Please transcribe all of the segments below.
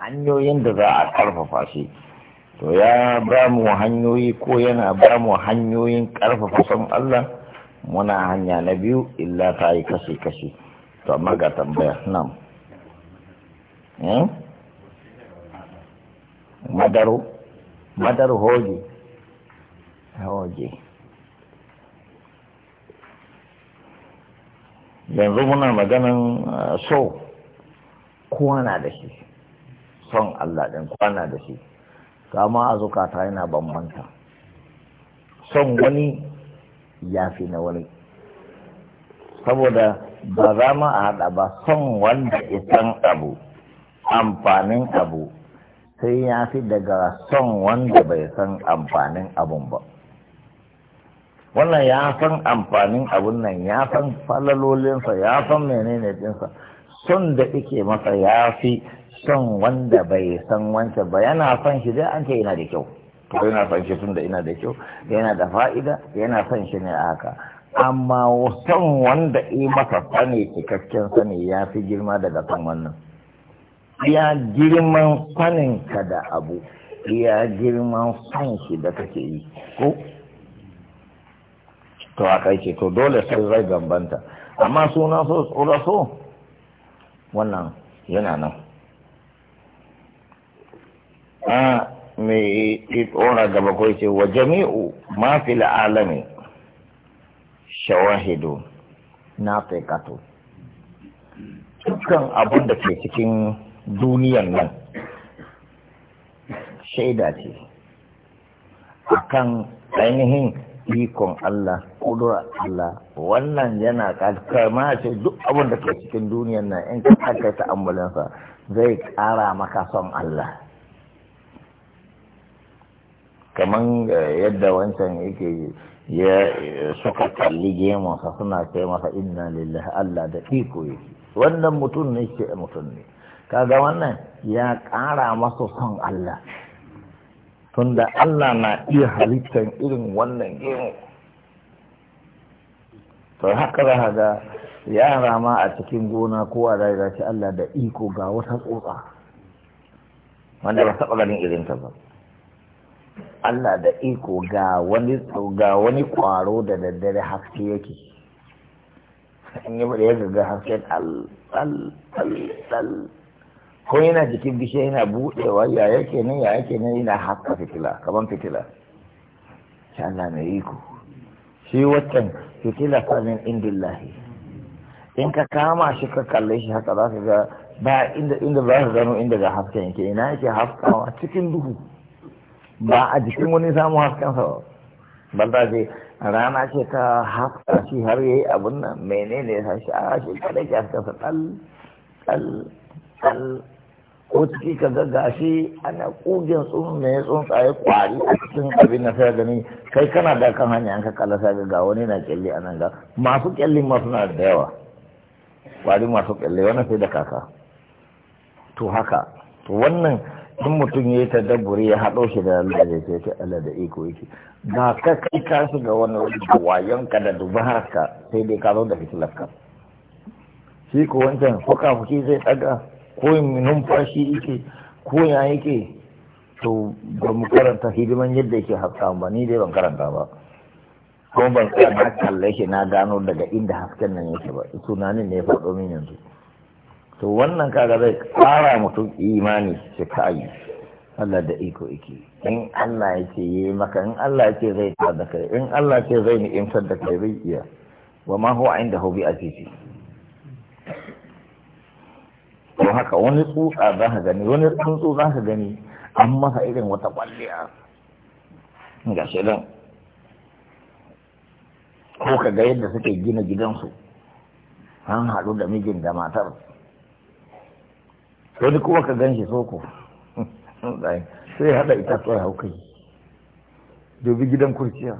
hanyoyin da za a karfafa shi to ya ba mu hanyoyi ko yana ba mu hanyoyin karfafa son Allah muna hanya na biyu illa ta yi kashe-kashe to amma ga tambaya nan eh? madaru madaru hoji hoji yanzu muna maganan uh, so kowa na da shi son Allah ɗin kwana da shi kama a zukata yana bambanta son wani ya fi na wani saboda ba za ma a haɗa ba son wanda isan abu amfanin abu sai ya fi daga son wanda bai san amfanin abun ba wannan ya san amfanin abun nan ya san falalolinsa ya san menene dinsa son da ike masa ya fi son wanda bai san wancan ba yana son shi zai an ce yana da kyau to yana son shi tunda yana da kyau yana da fa'ida yana son shi ne a haka amma son wanda yi masa sani cikakken sani ya fi girma daga son wannan ya girman sanin ka da abu ya girman son shi da kake yi ko to a kai ce to dole sai zai gambanta amma suna so tsoro so wannan yana nan a mai tsora gaba ko ce wa jami'u ma fil alami shawahidu na fiqatu dukkan abun da ke cikin duniyan nan shaida ce akan ainihin ikon Allah kudura Allah wannan yana kama ce duk abin da ke cikin duniyan nan in ka aka ta ambulansa zai kara maka son Allah kaman eh, yadda wancan yake ya suka kalli gemunsa suna ce masa inna lillahi Allah da iko yake wannan mutum ne ce mutum ne kaga wannan ya ƙara masa son Allah tunda Allah na iya halittar irin wannan gemu to haka za ga yara ma a cikin gona kowa da ya Allah da iko ga wata tsotsa wanda ba taɓa ganin irin ta ba Allah da iko ga wani ga wani kwaro da daddare haske yake in yi bada ya ga hasken al al al ko yana jikin bishiya yana budewa ya yake ne ya yake ne yana haska fitila kaman fitila shi Allah mai iko shi wancan fitila sanin indillahi in ka kama shi ka kalle shi haka za ka ga ba inda inda za ka gano inda ga hasken yake ina yake haskawa cikin duhu ba a jikin wani samun hasken sa ba ta ce rana ce ta haska shi har yi abun nan menene ya shi a shi kada ke hasken sa ɗal-ɗal-ɗal. ko ciki ka ga gashi ana kugin tsumin mai tsaye kwari a cikin abin na sai gani kai kana da kan hanya an ka kala sai ga wani na kyalli a nan ga masu kyalli masu na da yawa kwari masu kyalli wani sai da kaka to haka to wannan in mutum ya yi tadabburi ya haɗo shi da Allah da sai Allah da iko yake na ka kai ka shiga wani da ka da dubarka sai dai ka zo da fitilarka shi ko wancan fuka fuki zai ɗaga ko numfashi yake ko ya yake to ba mu karanta hidiman yadda yake haska ba ni dai ban karanta ba Ko ban tsaya na kalle shi na gano daga inda hasken nan yake ba tunanin ne ya faɗo min yanzu to wannan kaga zai kara mutum imani shi kai Allah da iko yake in Allah ya ce yi maka in Allah ya ce zai ta da kai in Allah ce zai in da kai zai iya wa ma huwa inda hu bi azizi to haka wani tsutsa za ka gani wani tsuntsu za ka gani an masa irin wata kwalliya ga shi nan ko ka ga yadda suke gina gidansu an haɗu da mijin da matar wani kuma ka gan shi soko sai haɗa itatuwa haukai dobi gidan kurciya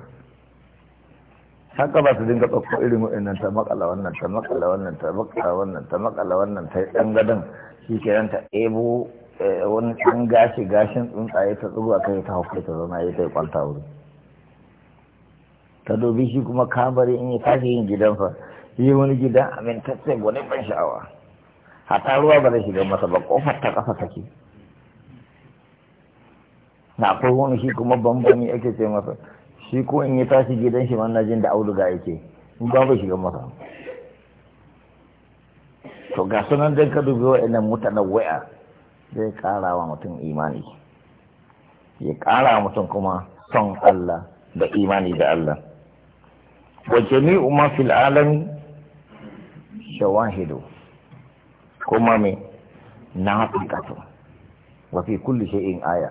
haka ba su dinga tsakko irin waɗannan ta makala wannan ta makala wannan ta makala wannan ta makala wannan ta ɗan gadon shi ke ta ebo eh, wani ɗan gashi gashin tsuntsaye ta tsugu a kai ta haukai ta zama ya ta kwanta wuri ta dobi shi kuma kamar in ya tashi yin gidansa yi wani gidan amintacce wani ban sha'awa hata ruwa ba zai shiga masa ba kofar ta kasa take na akwai wani shi kuma bambami ake ce masa shi ko in ya tashi gidan shi wannan jin da auduga yake in ba ba shiga masa to ga sunan dan ka dubi wa'annan mutanen waya zai kara wa mutum imani ya kara wa mutum kuma son Allah da imani da Allah wa jami'u ma fil alami shawahidu kuma me na haƙiƙatu wa fi kulli shay'in aya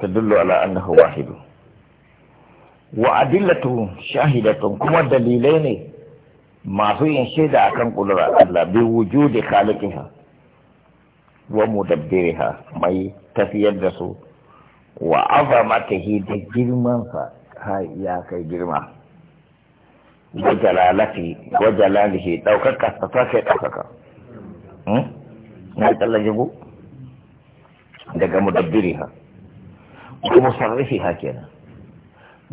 tadullu ala annahu wahidu wa adillatu shahidatun kuma dalilai ne masu yin shaida akan kudurar Allah bi wujudi khaliqiha wa mudabbiriha mai tafiyar da su wa azamatihi da girman sa ya kai girma wa jalalati wa jalalihi daukaka ta kai daukar na hmm? tsallake ku daga mudabbiri ha kuma sarrifi ha kenan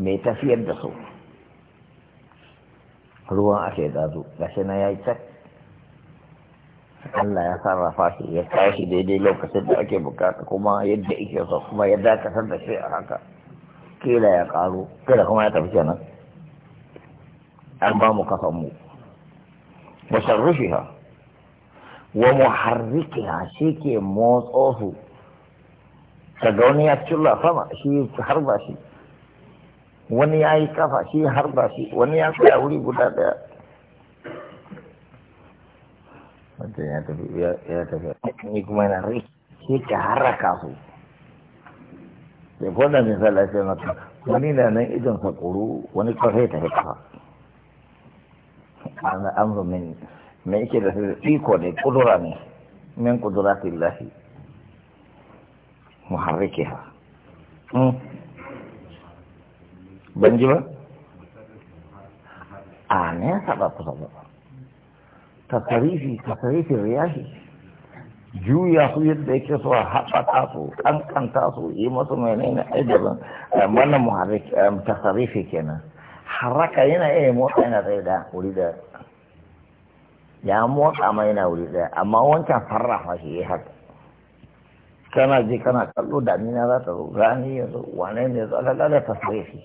mai tafiyar da su ruwan ake zazo gashi na ya yi cak Allah ya sarrafa shi ya tashi daidai lokacin da ake bukata kuma yadda ike so kuma ya dakatar da shi a haka kila ya karo kila kuma ya tafi kenan an ba mu kafan mu musarrufiha wa muharrikiha shi ke motso su daga wani ya cilla sama shi har ba shi wani ya yi kafa shi har ba shi wani ya tsaya wuri guda daya wancan ya tafi ya tafi ni kuma yana rai shi ke haraka su sai kwanda misali ya ce maka wani na nan idan sa wani kawai ta hita ana amru min me yake da iko ne kudura ne min kuduratillahi muharrikiha hmm? ban ji ba a ne ya saba kusa ba tasarifi tasarifin riyahi juya su yadda yake so a haɓaka su kankanta su yi masu menene ajabin eh, wannan muharrik eh, tasarifi kenan haraka yana iya motsa yana zai da wuri da ya motsa mai na wuri daya amma wancan farrafa shi ya haka kana je kana kallo damina za ta zo rani ya zo wane ne zo lalala ta sai shi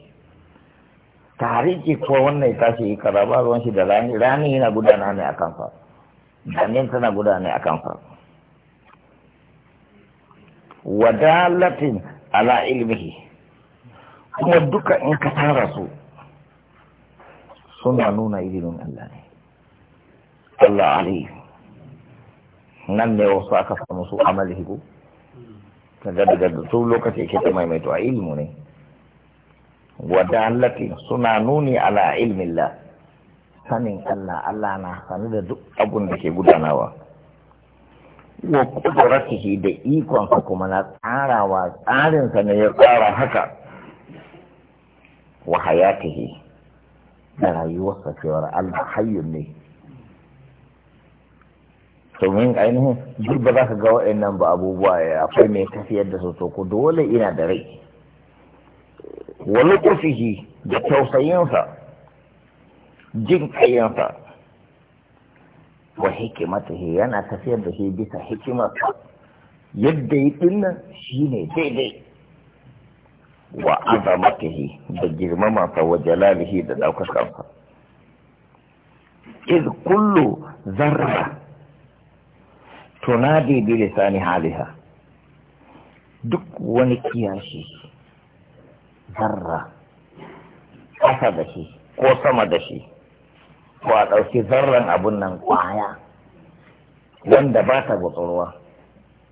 ke ko wannan ya ce kaza ba ruwan shi da rani rani yana gudana ne akan fa damin tana gudana ne akan fa wadalatin ala ilmihi kuma duka in ka tara su suna nuna ilimin Allah ne Allah alayhi nan ne wasu aka samu su amali hibu gada da su lokaci ke ta maimaito a ilmu ne wadalati suna nuni ala ilmin la sanin Allah Allah na sanu da duk abun da ke gudanawa wa kudratihi da ikonsa kuma na tsarawa tsarinsa ne ya tsara haka wa hayatihi da rayuwarsa cewar Allah hayyun ne domin ainihin duk ba za ka ga wa'annan ba abubuwa ya akwai mai tafiyar da su to ku dole ina da rai wani kurfihi da tausayinsa jin kayansa wa he yana tafiyar da shi bisa hikimata yadda yi dinnan shi ne daidai wa azamatihi da girmama girmamansa wa jalalihi da kansa. iz kullu zarra tunadi bi lisani haliha duk wani kiyashi zarra kasa da shi ko sama da shi ko a ɗauki zarran abun nan kwaya wanda ba ta gutsurwa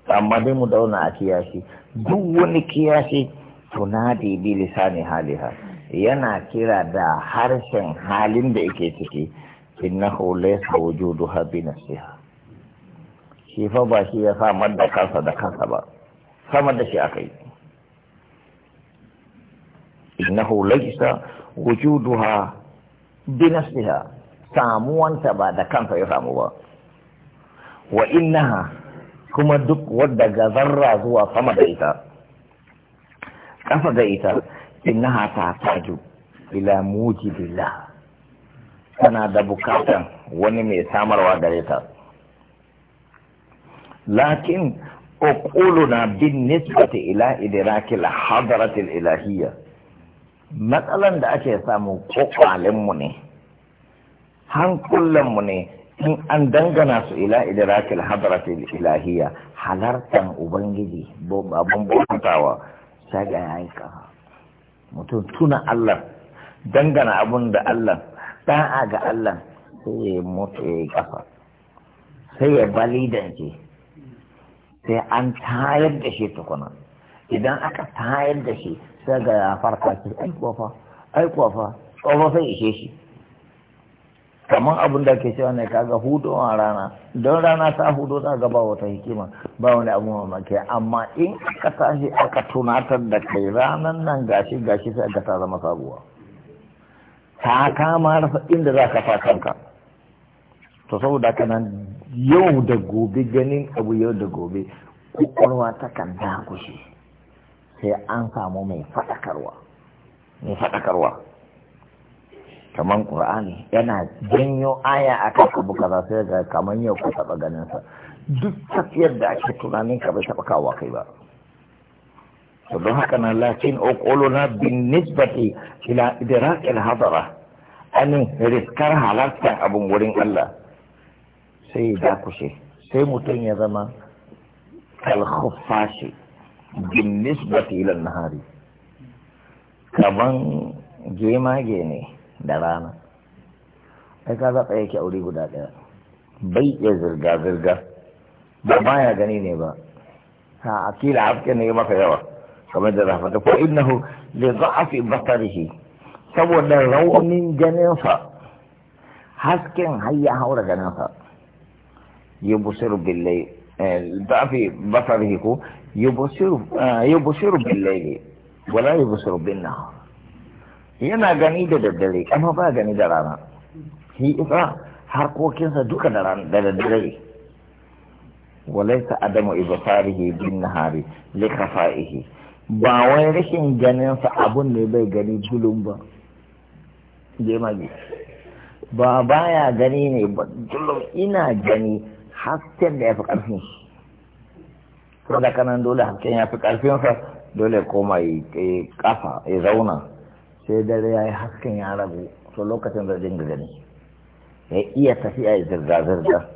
amma dai mu dauna a kiyashi duk wani kiyashi tunadi bi lisani haliha yana kira da harshen halin da yake ciki innahu laysa wujuduha bi nafsiha shi fa ba shi ya samar da kansa da kansa ba samar da shi aka yi innahu laysa wujuduha bi nafsiha samuwanta ba da kansa ya samu ba wa innaha kuma duk wadda ga zarra zuwa sama da ita kafa da ita innaha ta taju ila mujibillah tana da bukatan wani mai samarwa gare ta lakin uquluna bin nisbata ila idrakil hadratil ilahiyya matsalan da ake samu kokalin mu ne hankulan mu ne in an dangana su ila idrakil hadratil ilahiyya halartan ubangiji babban bautawa shaga ga yayi kafa mutum tuna Allah dangana abun da Allah da'a ga Allah sai ya mutu ya yi kafa sai ya balidance sai an tayar da shi tukuna idan aka tayar da shi sai ga ya farka shi ai kofa ai kofa tsofa sai ishe shi kamar abin da ke cewa ne kaga hudo a rana don rana ta hudo ta gaba wata hikima ba wani abu mamaki amma in aka tashi aka tunatar da kai ranan nan gashi gashi sai aka ta zama sabuwa ta kama rasa inda za ka fa kanka to saboda haka yau da gobe ganin abu yau da gobe kwakwalwa takan dakushe sai an samu mai faɗakarwa mai fadakarwa kamar ƙur'ani yana janyo aya a kan abu kaza sai ga kamar yau ka taɓa ganinsa duk tafiyar da ake tunanin ka bai taɓa kawo kai ba to don haka nan lakin na bin nisbati ila idrakil hadara anin riskar halartar abun wurin Allah sai ya dakushe sai mutum ya zama kalkhufashi bin nisbati ila nahari kaman gemage ne da rana ai ka zaɓa yake aure guda ɗaya bai iya zirga-zirga ba baya gani ne ba ha kila afke ne maka yawa kamar da rafata ko innahu li dha'fi basarihi saboda raunin ganinsa hasken har ya haura ganinsa yubsiru billayl da fi basarihi ko yubsiru billayl wala yubsiru bin nahar yana gani da daddare amma ba gani da rana shi isa harkokinsa duka da daddare walaisa adamu ibasarihi bin nahari li kafa'ihi ba wai rashin sa abun ne bai gani dulun ba je magi ba baya gani ne ba dulun ina gani hasken da ya fi ƙarfin su ko da kanan dole hasken ya fi ƙarfinsa dole koma ya kafa ya zauna sai dare ya yi hasken ya rabu to lokacin da dinga gani ya iya tafiya ya zirga-zirga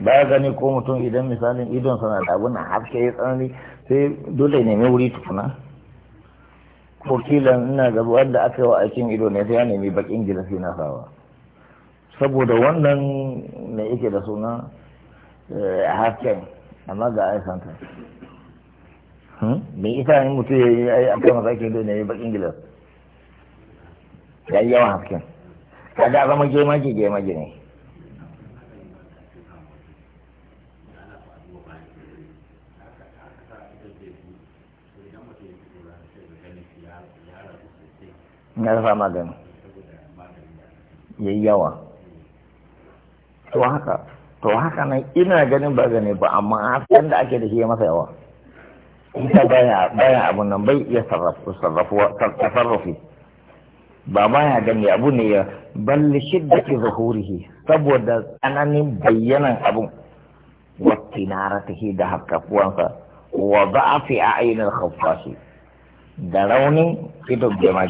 ba gani ko mutum idan misalin idon sana da abin haske ya tsanani sai dole ya nemi wuri tukuna ko kilan ina gaba wanda aka yi wa aikin ido ne sai ya nemi bakin gida na sawa saboda wannan ne yake da suna hasken amma ga aisan ta me isa in mutum ya yi ai masu ake dole ne bakin gilas ya yi yawan hasken a zama na magani ya yi yawa to haka to haka nan ina ganin ba gane ba amma hasken da ake da shi ya masa yawa ita baya baya abun nan bai iya sarrafu sarrafuwa tasarrufi ba ya gani abu ne ya balli ki zuhurihi saboda tsananin bayyanan abun wa tinaratihi da hakkafuwansa wa da'afi a'inil khaffashi da raunin idon jama'i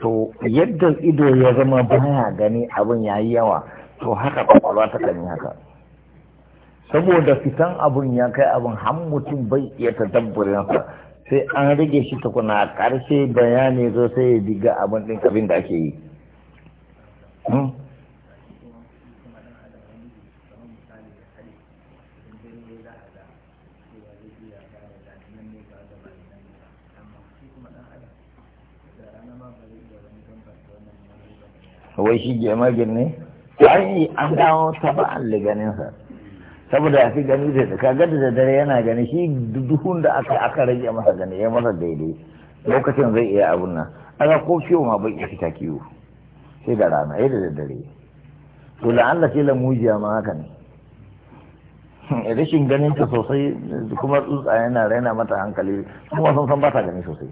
to yadda ido ya zama baya gani abun yayi yawa to haka kwakwalwa ta kan yi haka saboda fitan abun ya kai abun har mutum bai iya tadabburinsa sai an rage shi tukuna a ƙarshe bayani zo sai ya diga abin din abin da ake yi hmm? wai shi gemagin ne? ai an dawo ganin sa saboda ya fi gani da ka ga da dare yana gani shi duhun da aka aka rage masa gani ya masa daidai lokacin zai iya abun nan aka ko kiwo ma bai iya fita kiwo sai da rana ya da dare to la'alla ce lamujiya ma haka ne rashin ganin ta sosai kuma tsutsa yana raina mata hankali kuma sun san ba ta gani sosai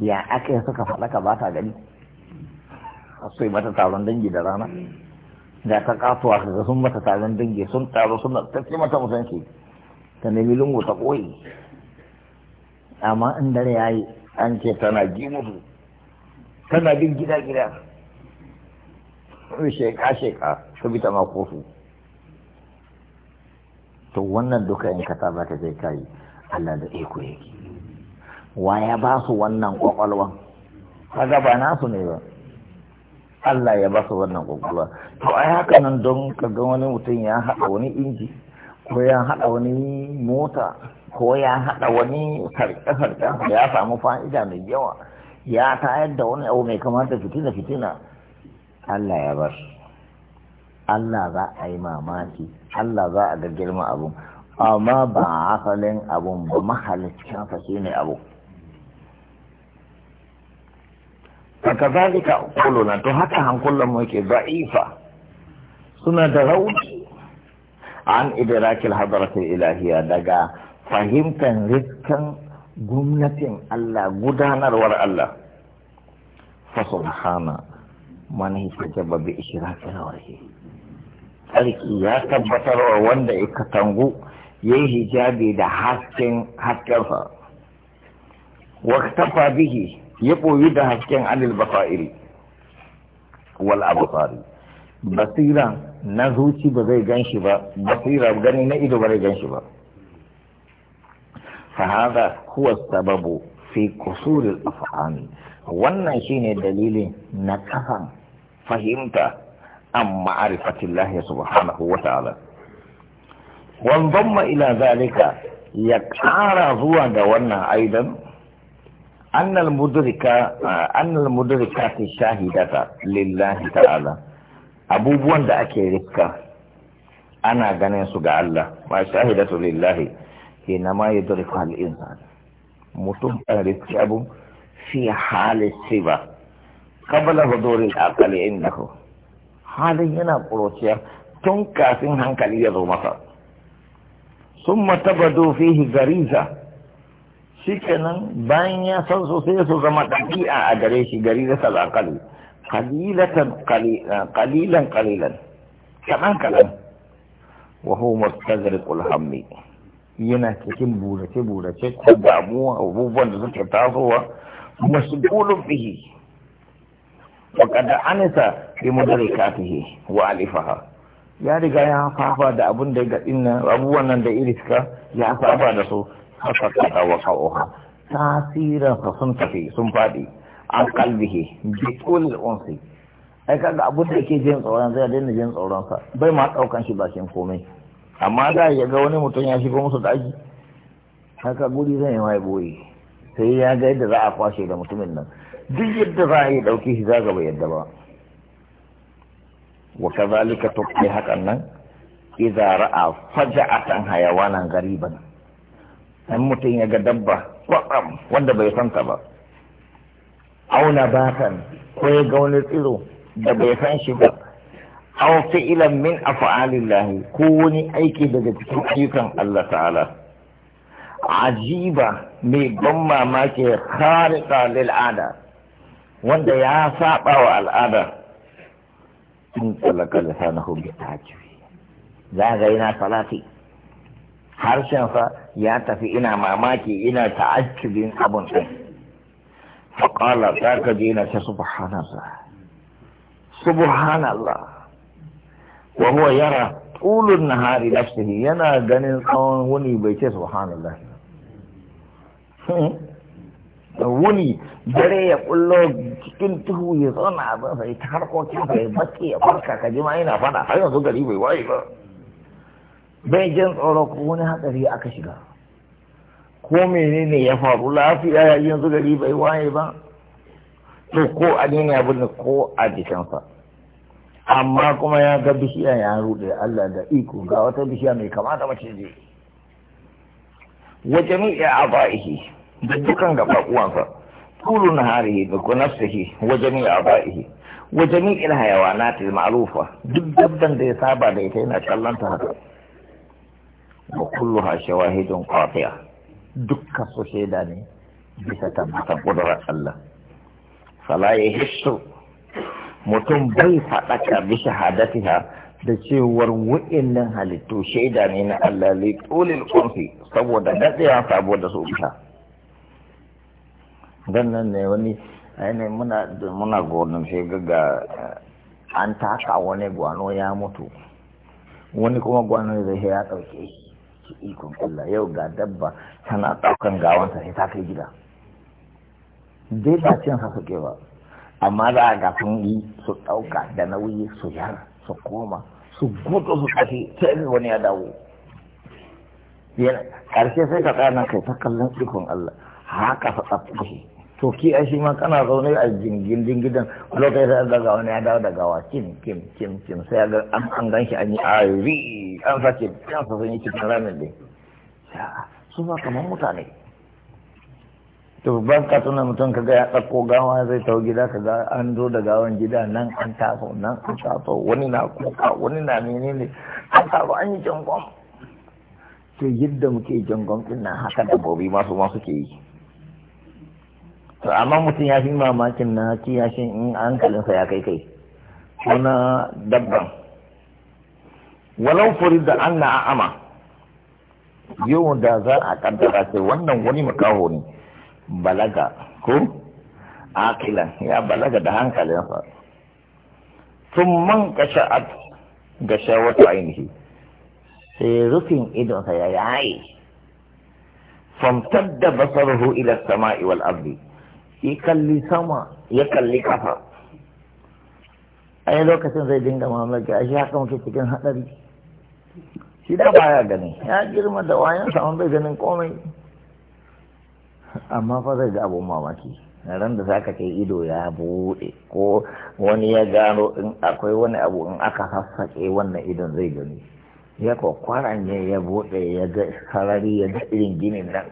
ya aka yi suka faɗa ka ba ta gani su yi mata taron dangi da rana da ta katuwa ka sun mata taron dangi sun taro suna ta ce mata musanci ta nemi lungu ta koyi amma in dare ya yi an ce tana ji su. tana bin gida-gida sheka-sheka ta bi ta kofi. to wannan duka in ka ba ta zai kayi Allah da iko yake wa ya ba su wannan kwakwalwan kaga ba nasu ne ba Allah ya ba su wannan kwakwalwa to ai haka nan don ka ga wani mutum ya haɗa wani inji ko ya haɗa wani mota ko ya haɗa wani sarƙe-sarƙe ya samu fa'ida mai yawa ya tayar da wani abu mai kamata fitina-fitina Allah ya bar Allah za a yi mamaki Allah za a ga girma abu amma ba asalin abun ba mahaliccin shi ne abu fakazalika kuluna to haka hankulanmu yake za'ifa suna da rauni an idrakil hadratil ilahiya daga fahimtan rikkan gwamnatin Allah gudanarwar Allah fa subhana man hisaba bi ishraqi rawahi alki ya tabbatar wa wanda ya tangu yayi hijabi da hasken hakkarsa waktafa bihi ya koyi da hasken anil basairi wal absari basira na zuci ba zai gan shi ba basira gani na ido ba zai gan shi ba فهذا هو sababu في قصور الأفعال wannan shine dalilin na kafan fahimta an ma'arifatillahi subhanahu wa ta'ala wanzamma ila zalika ya ƙara zuwa ga wannan aidan أن المدركة أن المدركة الشاهدة لله تعالى أبو بوان دأكي ركا أنا غني سوغا الله ما شاهدة لله حينما يدركها الإنسان متوم أبو في حال السوى قبل حضور الأقل إنه حال هنا قروشيا تنكاسن هنكالي يضو ثم تبدو فيه غريزه shikenan bayan ya san sosai sai su zama ɗabi'a a gare shi gari da salakali ƙalilan, ƙalilan kaɗan kaɗan wa huwa mustagriqul hammi yana cikin burace burace ko damuwa abubuwan da suke tasowa masgulun Ba wa da anisa bi mudarikatihi wa alifaha ya riga ya fafa da abun da ga dinnan abubuwan nan da iriska ya fafa da su fasakata wa sa'uha tasirin sa sun tafi sun faɗi an kalbihi bi unsi ai kaga abun da yake jin tsoron zai daina jin tsoron sa bai ma daukan shi bakin komai amma da ya ga wani mutum ya shigo musu daji haka guri zai mai boye sai ya ga yadda za a kwashe da mutumin nan duk yadda za a yi dauki shi za ga bai yadda ba wa kazalika tukli hakan nan idza ra'a faja'atan hayawanan gariban an mutum ya ga dabba wanda bai santa ba auna batan ko ya ga wani tsiro da bai san shi ba aw fi'lan min af'alillah ko wani aiki daga cikin ayyukan Allah ta'ala ajiba mai ban mamaki kare lil ada wanda ya saba wa al'ada in talaka lisanahu bi ta'jibi za ga yana salati Harshen sa ya tafi ina mamaki ina ta'ajjubin abun din faqala ta ka je na ce subhanallah subhanallah wa huwa yara tulun nahari nafsihi yana ganin tsawon wuni bai ce subhanallah wuni dare ya kullo cikin tuhu ya zauna a sai ta harkokin bai bacci ya farka ka jima ma yana fada har yanzu gari bai waye ba bai jin tsoro ko wani hatsari aka shiga ko menene ya faru lafiya ya yanzu gari bai waye ba to ko a dina abin ko a jikinsa amma kuma ya ga bishiya ya rude Allah da iko ga wata bishiya mai kama da mace je wajen ya abaihi da dukan gaba uwansa tulu na hari da kunafsihi wajen ya abaihi wajen ilhayawa na tilmarufa duk dabban da ya saba da ita yana kallanta haka wa kulluha shawahidun qati'a dukkan su shaida ne bisa tabbatan kudurar Allah fala ya hissu mutum bai faɗaka bi shahadatiha da cewar wa'innan halittu shaida ne na Allah li tulil qanfi saboda dadewa saboda su bisa dan nan ne wani ne muna muna gonan sai ga an taka wani gwano ya mutu wani kuma gwano zai ya ɗauke shi ikon Allah yau ga dabba tana ɗaukan gawansa sai ta kai gida dai ba cin sa suke ba amma za a ga yi su ɗauka da nauyi su yar su koma su gudu su ta sai wani ya dawo ƙarshe sai ka tsaya nan kai ta kallon ikon Allah haka sa tsaftace to ki a shi ma kana zaune a jingin jingidan lokacin sai daga wani ya dawo daga wa kim kim kim kim sai ga an an ganshi an yi ari an sake an sa sun cikin ramin din su ba kamar mutane to ban ka tuna mutum ka ga ya ɗauko gawa zai tawo gida ka ga an zo da gawan gida nan an taso nan an taso wani na kuka wani na menene an taso an yi jangon to yadda muke jangon ɗin nan haka dabbobi masu masu ke yi to amma mutum ya fi mamakin na kiyashin in hankalinsa ya kai kai suna dabban walau furi da an na ama yau da za a kaddara ce wannan wani makaho ne balaga ko akilan ya balaga da hankalinsa sun man gasha'at gasha wata ainihi sai rufin idonsa ya yaye famtar da basarhu ila sama'i wal ardi ya kalli sama ya kalli kafa a lokacin zai dinga mamaki a shi haka muke cikin haɗari shi da baya gani ya girma da wayan saman bai ganin komai amma fa zai ga abun mamaki na ran da zaka kai ido ya buɗe ko wani ya gano in akwai wani abu in aka sassaƙe wannan idon zai gani ya ne ya buɗe ya ga sarari ya ga irin ginin nan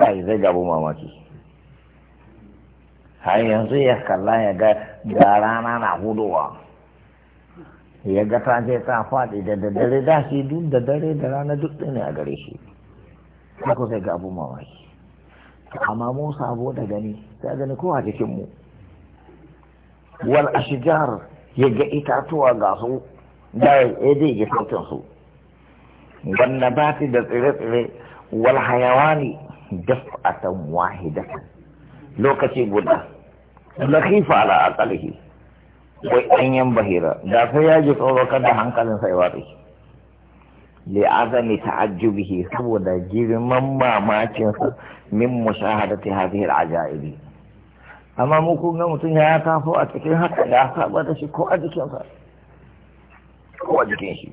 kai zai ga abun mamaki har yanzu ya kalla ya ga ga rana na huduwa. ya ga ta je ta faɗi da daddare da shi duk da dare da rana duk ne a gare shi ko sai ga abu mamaki amma mu sabo da gani ta gani ko a jikin mu wal ashjar ya ga itatuwa ga su da ya dai ga sautin su wanda ba da tsire-tsire wal hayawani daf'atan wahidatan lokaci guda lakifa ala akalihi wai ɗanyen bahira da sai ya ji tsoro kada hankalin sai watsi li azami ta'ajjubihi saboda girman mamakin sa min mushahadati hadhihi al amma mu kun ga mutum ya taso a cikin haka ya saba da shi ko a jikinsa ko a jikin shi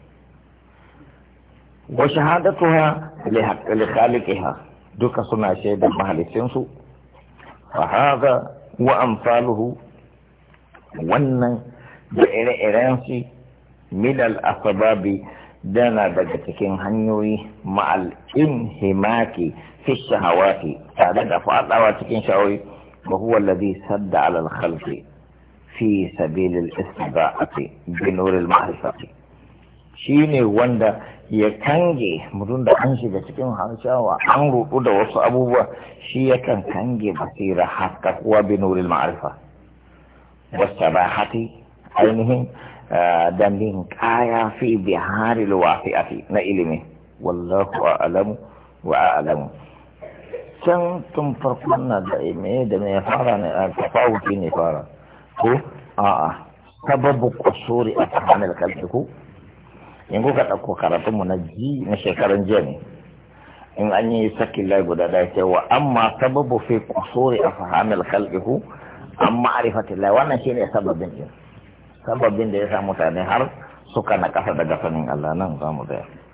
wa shahadatuha li haqqi khaliqiha duka suna shaidar su wa hadha وأمثاله ونن بإلى إرانسي من الأسباب دانا بجتكين هنيوي مع الانهماك في الشهوات تعدد فأطلع وتكين شعوي وهو الذي سد على الخلق في سبيل الاستباعة بنور المعرفة shi ne wanda ya kange mutum da an shiga cikin harshawa an rudu da wasu abubuwa shi ya kan kange basira haka kuwa bi nuril ma'arifa wasta ba rahati ainihin da min kaya fi biharil wafi'ati na ilimin wallahu a'lamu wa a'lamu can tun farko na da ime da mai fara ne a tafawuki ne fara ko a'a sababu kusuri a tsakanin kalbi ko in kuka ɗauko karatunmu na ji na shekarun jiya ne in an yi saki lai guda da ce wa amma sababu fi kusuri a fahamil khalqihu an ma'arifatin lai wannan shine sababin din sababin da ya sa mutane har suka na ƙasa daga sanin Allah nan za mu tsaya